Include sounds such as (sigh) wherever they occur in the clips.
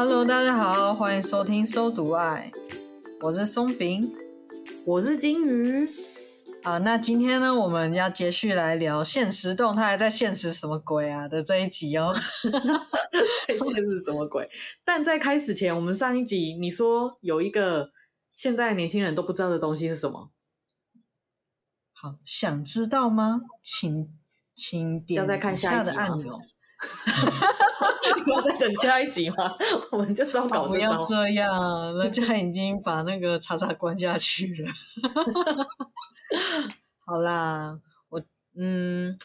Hello，大家好，歡迎收聽收讀愛，我是鬆餅，我是鯨魚啊。Uh, 那今天呢，我們要接續來聊限時動態在限時什麼鬼啊的這一集哦。限 (laughs) 時 (laughs) 什麼鬼？ (laughs) 但在開始前，我們上一集你說有一個現在年輕人都不知道的東西是什麼？好，想知道嗎？請請點看下的按鈕。 (laughs) (laughs) 你在等下一集嘛， (laughs) 我們就是、oh, 不要這樣， (laughs) 人家已經把那個叉叉關下去了。 (laughs) (laughs) (laughs) 好啦，我嗯，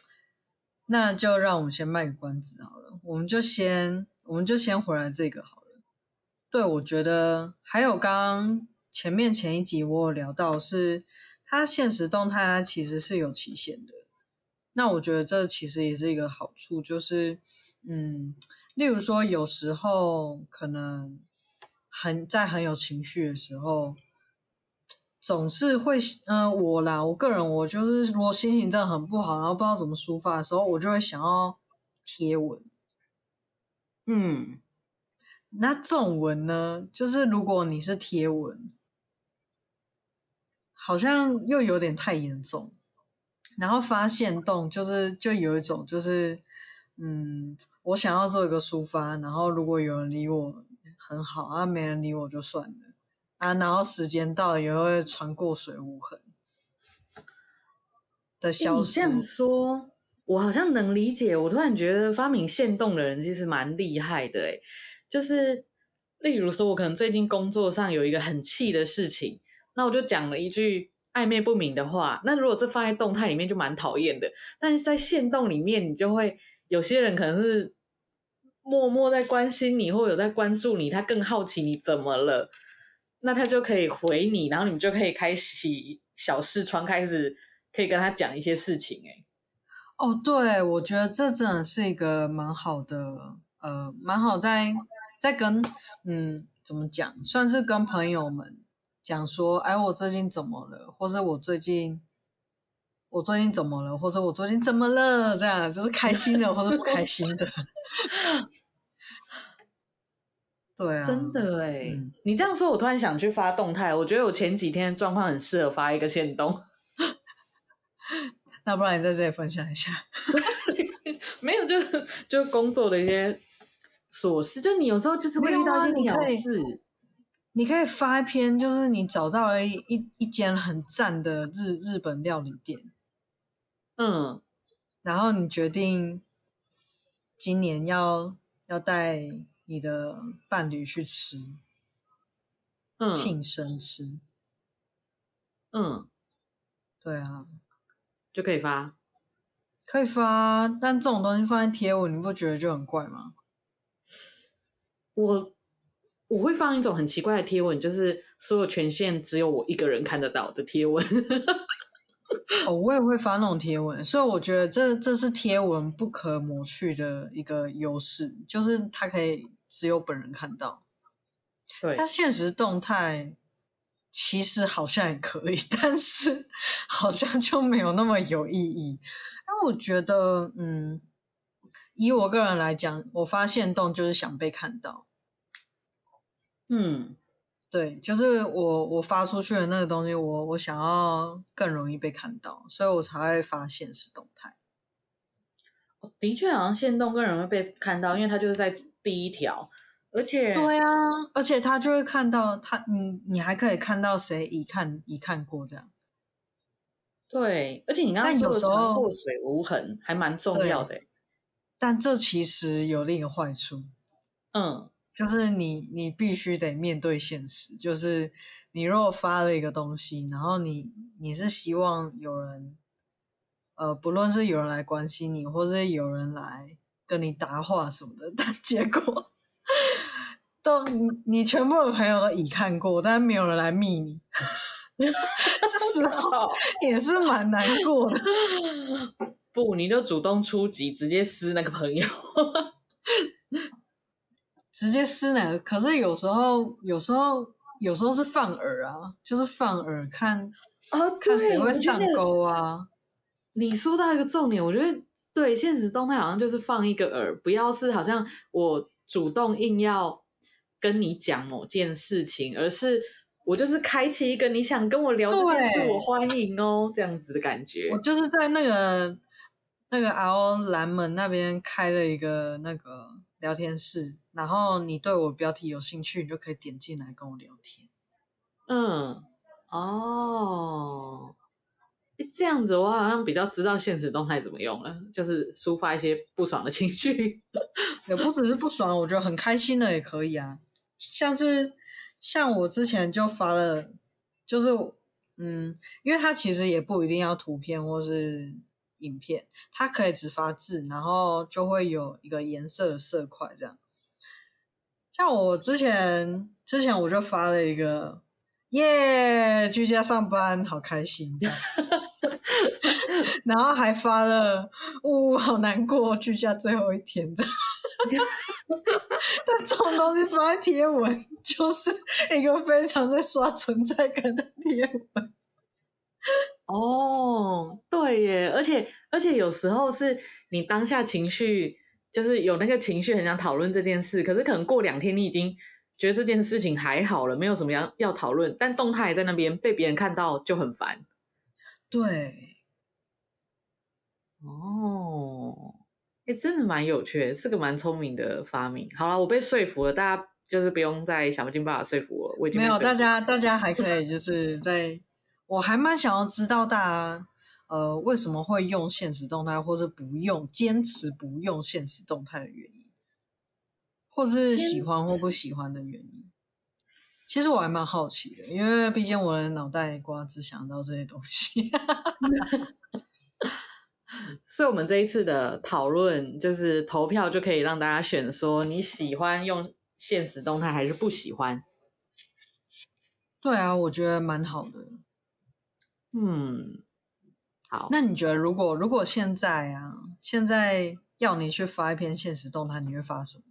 那就讓我們先賣個關子好了。我們就先，我們就先回來這個好了。對，我覺得還有剛前面前一集我有聊到，是他限時動態其實是有期限的。那我覺得這其實也是一個好處，就是，嗯，例如說有時候可能很在很有情緒的時候，總是會，嗯、呃，我啦，我個人我就是如果心情真的很不好，然後不知道怎麼抒發的時候，我就會想要貼文。嗯，那這種文呢，就是如果你是貼文，好像又有點太嚴重。然後發限動，就是就有一種，就是，嗯，我想要做一個抒發，然後如果有人理我很好，啊，沒人理我就算了，啊，然後時間到了也會船過水無痕的消息、欸。你這樣說，我好像能理解。我突然覺得發明限動的人其實蠻厲害的，就是，例如說我可能最近工作上有一個很氣的事情，那我就講了一句。曖昧不明的話，那如果這放在動態裡面就蠻討厭的。但是在限動裡面，你就會有些人可能是默默在關心你，或者有在關注你，他更好奇你怎麼了，那他就可以回你，然後你們就可以開啟小視窗，開始可以跟他講一些事情。誒。哦，對，我覺得這真的是一個蠻好的，呃，蠻好在在跟嗯，怎麼講，算是跟朋友們。講說，哎，我最近怎麼了？或者我最近，我最近怎麼了？或者我最近怎麼了？這樣就是開心的， (laughs) 或者不開心的。 (laughs) 對啊，真的哎，嗯、你這樣說，我突然想去發動態。我覺得我前幾天狀況很適合發一個限動。 (laughs) (laughs) 那不然你在這裡分享一下？ (laughs) (laughs) 沒有，就就工作的一些瑣事，就你有時候就是會遇到一些、啊、小事。你可以發一篇，就是你找到一一一間很讚的日日本料理店，嗯，然後你決定今年要要帶你的伴侶去吃，嗯，慶生吃，嗯，嗯對啊，就可以發，可以發。但這種東西放在貼文你不覺得就很怪嗎？我。我會放一種很奇怪的貼文，就是所有權限只有我一個人看得到的貼文。 (laughs) oh, 我也會發那種貼文，所以我覺得這這是貼文不可抹去的一個優勢，就是它可以只有本人看到。對，但限時動態其實好像也可以，但是好像就沒有那麼有意義。但我覺得，嗯，以我個人來講，我發限動就是想被看到。嗯，對，就是我我發出去的那個東西，我我想要更容易被看到，所以我才會發限時動態。哦、的確，好像限動更容易被看到，因為它就是在第一條，而且對啊，而且他就會看到他，你、嗯、你還可以看到誰已看已、嗯、看過這樣。對，而且你剛剛說的“破水無痕”還蠻重要的，但這其實有另一個壞處，嗯。就是你，你必須得面對現實。就是你若發了一個東西，然後你你是希望有人，呃，不論是有人來關心你，或是有人來跟你搭話什麼的，但結果都，都你，你全部的朋友都已看過，但沒有人來密你， (laughs) 這時候也是蠻難過的。 (laughs) 不，你就主動出擊，直接撕那個朋友。 (laughs) 直接撕呢？可是有時候，有時候，有時候是放餌啊，就是放餌，看，啊、看誰會上鈎啊。你說到一個重點，我覺得對，限時動態好像就是放一個餌，不要是好像我主動硬要跟你講某件事情，而是我就是開啟一個你想跟我聊這件事，我歡迎哦，對這樣子的感覺。我就是在那個那個 L 藍門那邊開了一個那個。聊天室，然後你對我標題有興趣，你就可以點進來跟我聊天。嗯，哦，這樣子我好像比較知道限時動態怎麼用了，就是抒發一些不爽的情緒。 (laughs) 也不只是不爽，我覺得很開心的也可以啊。像是像我之前就發了，就是嗯，因為它其實也不一定要圖片或是。影片，它可以只發字，然後就會有一個顏色的色塊，這樣。像我之前，之前我就發了一個耶，yeah, 居家上班好開心這樣， (laughs) (laughs) 然後還發了嗚、哦，好難過，居家最後一天這樣。 (laughs) 但這種東西發在貼文，就是一個非常在刷存在感的貼文。哦，對耶，而且而且有時候是你當下情緒就是有那個情緒，很想討論這件事，可是可能過兩天你已經覺得這件事情還好了，沒有什麼要，要討論，但動態也在那邊被別人看到就很煩。對，哦，誒，真的蠻有趣的，是個蠻聰明的發明。好了，我被說服了，大家就是不用再想盡辦法說服我，我已經沒，了沒有。大家大家還可以就是在。 (laughs) 我還蠻想要知道大家，呃，為什麼會用限時動態，或者不用、堅持不用限時動態的原因，或是喜歡或不喜歡的原因。子其實我還蠻好奇的，因為畢竟我的腦袋瓜只想到這些東西。 (laughs) 所以，我們這一次的討論就是投票，就可以讓大家選說你喜歡用限時動態還是不喜歡。對啊，我覺得蠻好的。嗯，好。那你覺得，如果如果現在啊，現在要你去發一篇限時動態，你會發什麼？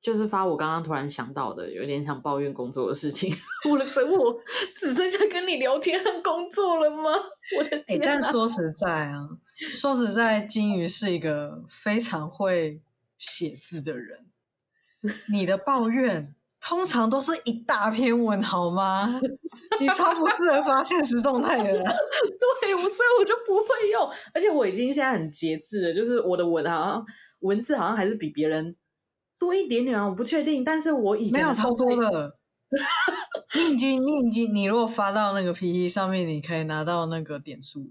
就是發我剛剛突然想到的，有點想抱怨工作的事情。 (laughs) 我的生活只剩下跟你聊天和工作了嗎？我的天、啊欸，但說實在啊， (laughs) 說實在，鯨魚是一個非常會寫字的人。你的抱怨。 (laughs) 通常都是一大篇文，好嗎？你超不適合發限時動態的。 (laughs) (laughs) 對，我所以我就不會用，而且我已經現在很節制了，就是我的文啊，文字好像還是比別人多一點點啊，我不確定。但是我已經。沒有超多的。你已經，你已經，你如果發到那個 P e 上面，你可以拿到那個點數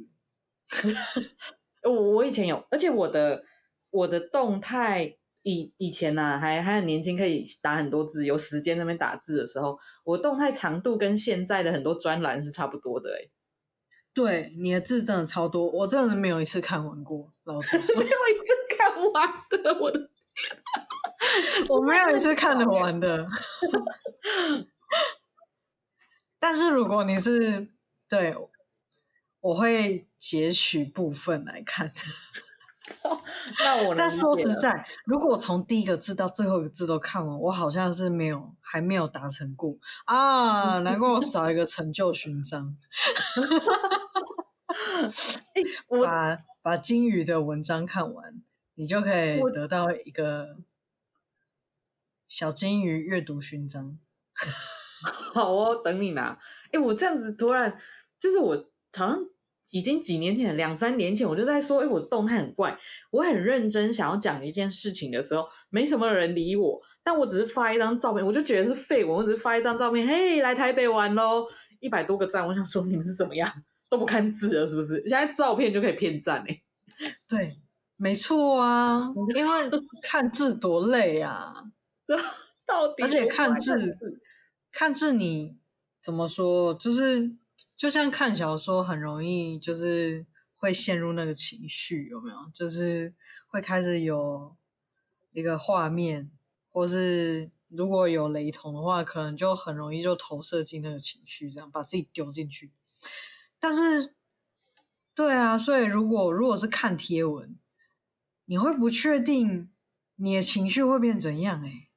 (laughs) 我我以前有，而且我的我的動態。以以前啊，還還很年輕，可以打很多字，有時間在那邊打字的時候，我動態長度跟現在的很多專欄是差不多的哎、欸。對，你的字真的超多，我真的沒有一次看完過。老師， (laughs) 沒有一次看完的，我的 (laughs) 我沒有一次看得完的。 (laughs) (laughs) 但是如果你是，對，我會截取部分來看。 (laughs) 但說實在，如果從第一個字到最後一個字都看完，我好像是沒有還沒有達成過啊！難怪我少一個成就勳章。 (laughs) (laughs) 欸、我把把金魚的文章看完，你就可以得到一個小金魚閱讀勳章。 (laughs) 好哦，等你拿。哎、欸，我這樣子突然就是我常常。已經幾年前，兩三年前，我就在說：“哎、欸，我動態很怪，我很認真想要講一件事情的時候，沒什麼人理我。但我只是發一張照片，我就覺得是廢文。我只是發一張照片，嘿，來台北玩咯，一百多個讚。我想說，你們是怎麼樣都不看字了，是不是？現在照片就可以騙讚、欸？呢？對，沒錯啊， (laughs) 因為看字多累啊， (laughs) 到底有 而且看字，看字，看字你怎麼說，就是。”就像看小說，很容易就是會陷入那個情緒，有沒有？就是會開始有一個畫面，或是如果有雷同的話，可能就很容易就投射進那個情緒，這樣把自己丟進去。但是，對啊，所以如果如果是看貼文，你會不確定你的情緒會變怎樣，欸？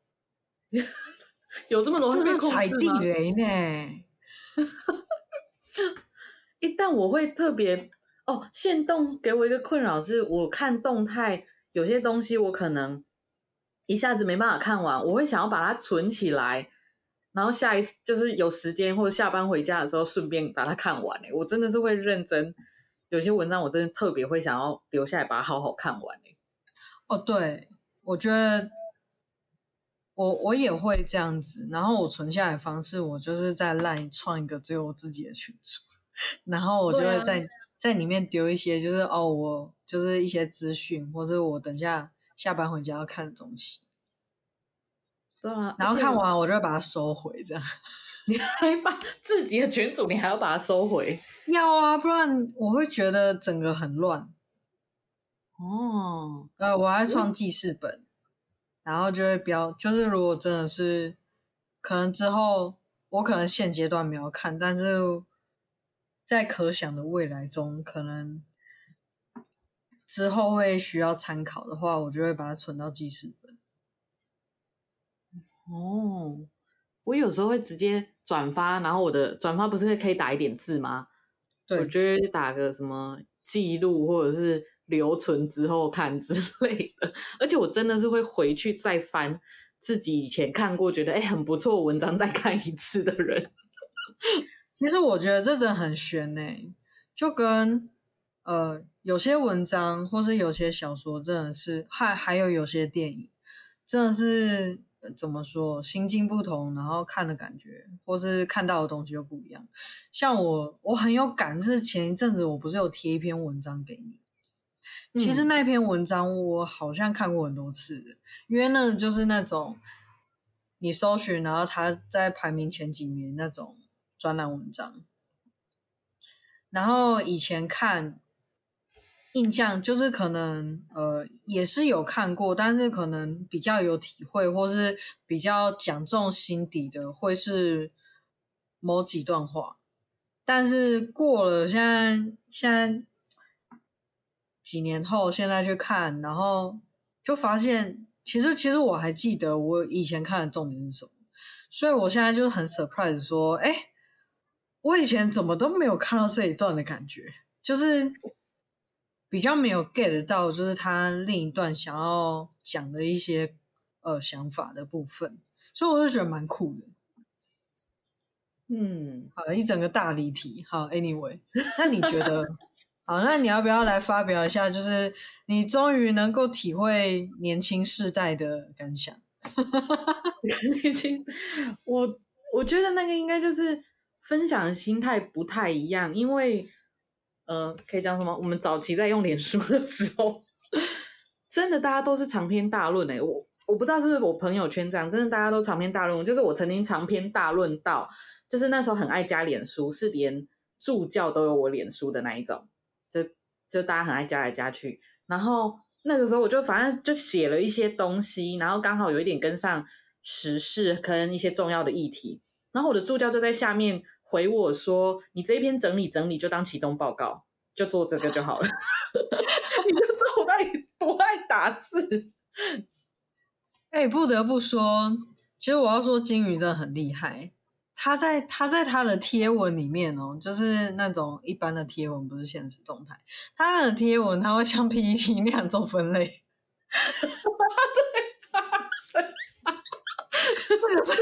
哎， (laughs) 有這麼容易就是踩地雷呢，欸。 (laughs) 一旦我會特別哦，限動給我一個困擾是，我看動態有些東西我可能一下子沒辦法看完，我會想要把它存起來，然後下一次就是有時間或者下班回家的時候順便把它看完。我真的是會認真，有些文章我真的特別會想要留下來把它好好看完。哦，對，我覺得我我也會這樣子，然後我存下來的方式，我就是在 line 創一個只有我自己的群組。然後我就會在、啊啊、在裡面丟一些，就是哦，我就是一些資訊，或是我等下下班回家要看的東西，對啊。然後看完我就會把它收回，這樣。你還把自己的群組你還要把它收回？要 (laughs) (laughs) 啊，不然我會覺得整個很亂。哦，呃，我還創記事本，嗯、然後就會標，就是如果真的是可能之後，我可能現階段沒有看，但是。在可想的未來中，可能之後會需要參考的話，我就會把它存到記事本。哦，我有時候會直接轉發，然後我的轉發不是可以打一點字嗎？對，我覺得打個什麼記錄或者是留存之後看之類的。而且我真的是會回去再翻自己以前看過，覺得哎，很不錯文章再看一次的人。其實我覺得這真的很玄耶，就跟呃有些文章，或是有些小說，真的是還還有有些電影，真的是，呃、怎麼說心境不同，然後看的感覺或是看到的東西就不一樣。像我我很有感，是前一陣子我不是有貼一篇文章給你，嗯、其實那篇文章我好像看過很多次的，因為那就是那種你搜尋，然後他在排名前幾名那種。專欄文章，然後以前看印象就是可能呃，也是有看過，但是可能比較有體會，或是比較講重心底的，會是某幾段話。但是過了現在現在幾年後，現在去看，然後就發現其實其實我還記得我以前看的重點是什麼，所以我現在就很 surprise 說，哎。我以前怎麼都沒有看到這一段的感覺，就是比較沒有 get 到，就是他另一段想要講的一些呃想法的部分，所以我就覺得蠻酷的。嗯，好，一整個大離題。好，Anyway， (laughs) 那你覺得？好，那你要不要來發表一下？就是你終於能夠體會年輕世代的感想。年 (laughs) 輕，我我覺得那個應該就是。分享的心態不太一樣，因為，呃，可以講什麼？我們早期在用臉書的時候，真的大家都是長篇大論欸，我我不知道是不是我朋友圈這樣，真的大家都長篇大論。就是我曾經長篇大論到，就是那時候很愛加臉書，是連助教都有我臉書的那一種。就就大家很愛加來加去。然後那個時候我就反正就寫了一些東西，然後剛好有一點跟上時事跟一些重要的議題。然後我的助教就在下面。回我說，你這一篇整理整理就當期中報告，就做這個就好了。 (laughs) (laughs) 你就知道我到底多愛打字。哎、欸，不得不說，其實我要說鯨魚真的很厲害。他在他在他的貼文裡面哦，就是那種一般的貼文不是限時動態，他的貼文他會像 PPT 那樣做分類。 (laughs) 這個是，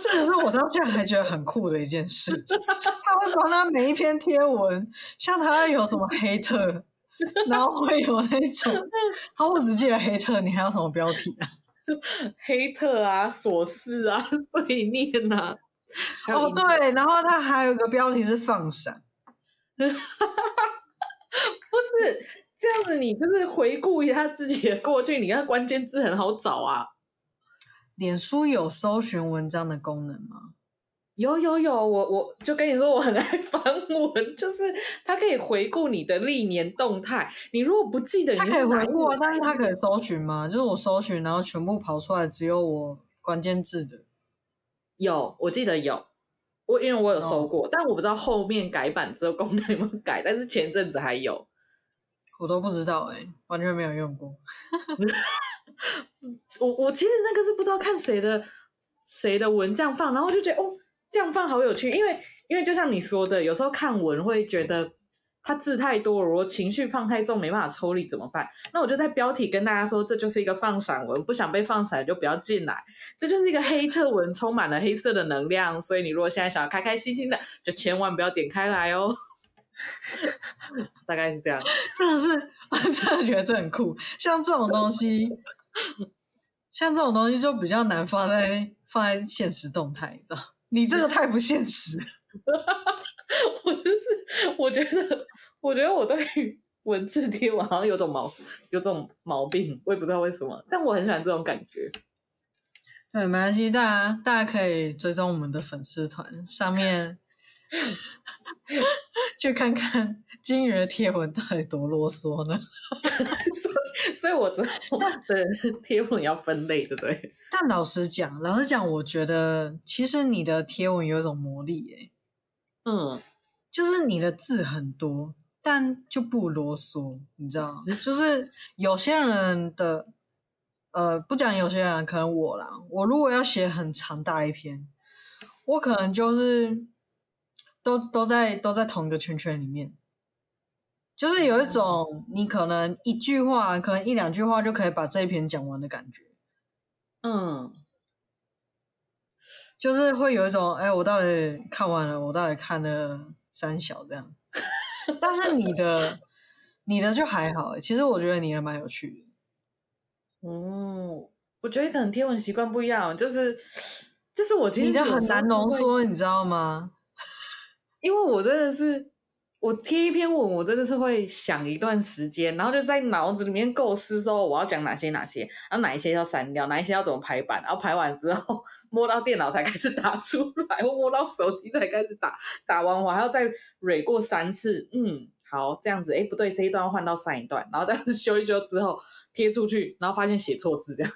這個是我到現在還覺得很酷的一件事情。他會幫他每一篇貼文，像他有什麼黑特，然後會有那種，他會只記得黑特，你還有什麼標題啊？黑特啊、瑣事啊、碎念啊。哦，對， (laughs) 然後他還有一個標題是放閃。 (laughs) 不是這樣子，你就是回顧一下自己的過去，你看關鍵字很好找啊。臉書有搜尋文章的功能嗎？有有有，我我就跟你說，我很愛翻文，就是它可以回顧你的歷年動態。你如果不記得你，它可以回顧啊，但是它可以搜尋嗎？就是我搜尋，然後全部跑出來，只有我關鍵字的。有，我記得有，我因為我有搜過，哦、但我不知道後面改版之後功能有沒有改，但是前陣子還有，我都不知道哎、欸，完全沒有用過。 (laughs) 我我其實那個是不知道看誰的誰的文這樣放，然後就覺得哦，這樣放好有趣，因為因為就像你說的，有時候看文會覺得他字太多，如果情緒放太重，沒辦法抽離怎麼辦？那我就在標題跟大家說，這就是一個放閃文，不想被放閃就不要進來，這就是一個黑特文，充滿了黑色的能量，所以你如果現在想要開開心心的，就千萬不要點開來哦。 (laughs) 大概是這樣，真的是我真的覺得這很酷， (laughs) 像這種東西。 (laughs) 像這種東西就比較難放在放在限時動態，你知道？你這個太不現實。對 (laughs) 我就是，我覺得，我覺得我對文字貼文好像有種毛，有種毛病，我也不知道為什麼，但我很喜歡這種感覺。對，沒關係，大家大家可以追蹤我們的粉絲團上面。Okay. (laughs) 去看看鯨魚的貼文到底多囉嗦呢 (laughs) (laughs) 所以，所以，我知道但，對貼文要分類，對不對？但老實講，老實講，我覺得其實你的貼文有一種魔力耶，誒嗯，就是你的字很多，但就不囉嗦，你知道？就是有些人的，呃，不講有些人，可能我啦，我如果要寫很長大一篇，我可能就是。都都在都在同一個圈圈裡面，就是有一種你可能一句話，嗯、可能一兩句話就可以把這一篇講完的感覺，嗯，就是會有一種哎、欸，我到底看完了，我到底看了三小這樣， (laughs) 但是你的你的就還好，其實我覺得你的蠻有趣的，嗯，我覺得可能天文習慣不一樣，就是就是我今天你的很難濃縮，會你知道嗎？因為我真的是，我貼一篇文，我真的是會想一段時間，然後就在腦子裡面構思說我要講哪些哪些，然後哪一些要刪掉，哪一些要怎麼排版，然後排完之後摸到電腦才開始打出來，或摸到手機才開始打，打完我還要再蕊過三次，嗯，好這樣子，哎，不對，這一段要換到上一段，然後再修一修之後貼出去，然後發現寫錯字，這樣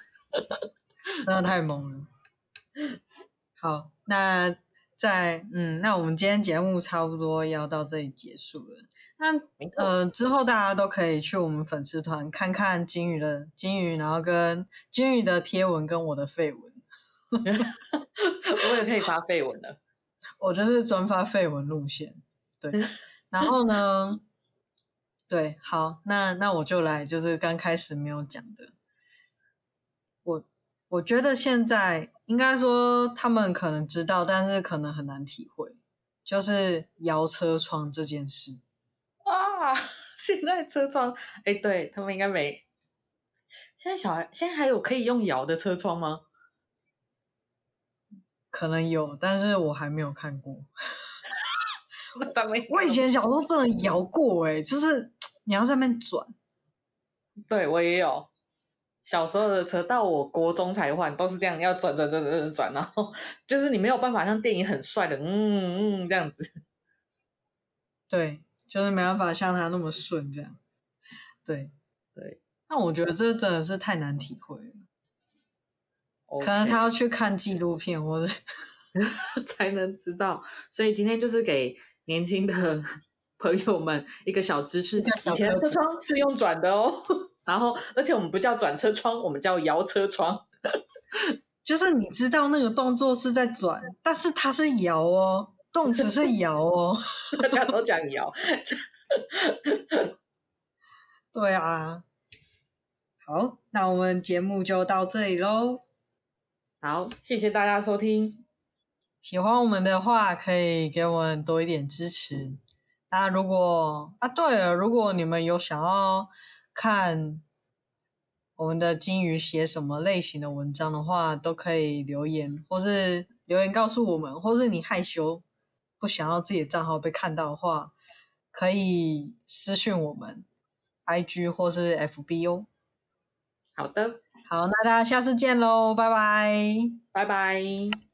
真的 (laughs) 太猛了。好，那。在嗯，那我們今天節目差不多要到這裡結束了。那沒錯，呃，之後大家都可以去我們粉絲團看看鯨魚的鯨魚，然後跟鯨魚的貼文跟我的廢文， (laughs) (laughs) 我也可以發廢文了，我就是專發廢文路線。對， (laughs) 然後呢，對，好，那那我就來，就是剛開始沒有講的，我我覺得現在。應該說他們可能知道，但是可能很難體會，就是搖車窗這件事啊。現在車窗，哎，對，他們應該沒。現在小孩現在還有可以用搖的車窗嗎？可能有，但是我還沒有看過。 (laughs) 我以前小時候真的搖過，哎，就是你要上面轉。對，我也有。小時候的車到我國中才換，都是這樣要轉轉轉轉轉，轉，轉，然後就是你沒有辦法像電影很帥的嗯嗯這樣子，對，就是沒辦法像他那麼順這樣，對對。那我覺得這真的是太難體會了，Okay. 可能他要去看紀錄片或者 (laughs) 才能知道。所以今天就是給年輕的朋友們一個小知識：以前車窗是用轉的哦。然後，而且我們不叫轉車窗，我們叫搖車窗。 (laughs) 就是你知道那個動作是在轉，但是它是搖哦，動詞是搖哦， (laughs) (laughs) 大家都講搖。 (laughs) 對啊，好，那我們節目就到這裡咯。好，謝謝大家收聽。喜歡我們的話，可以給我們多一點支持。大家如果啊，對了，如果你們有想要……看我們的金魚寫什麼類型的文章的話，都可以留言，或是留言告訴我們，或是你害羞不想要自己的賬號被看到的話，可以私訊我們，I G 或是 F B U、哦。好的，好，那大家下次見嘍，拜拜，拜拜。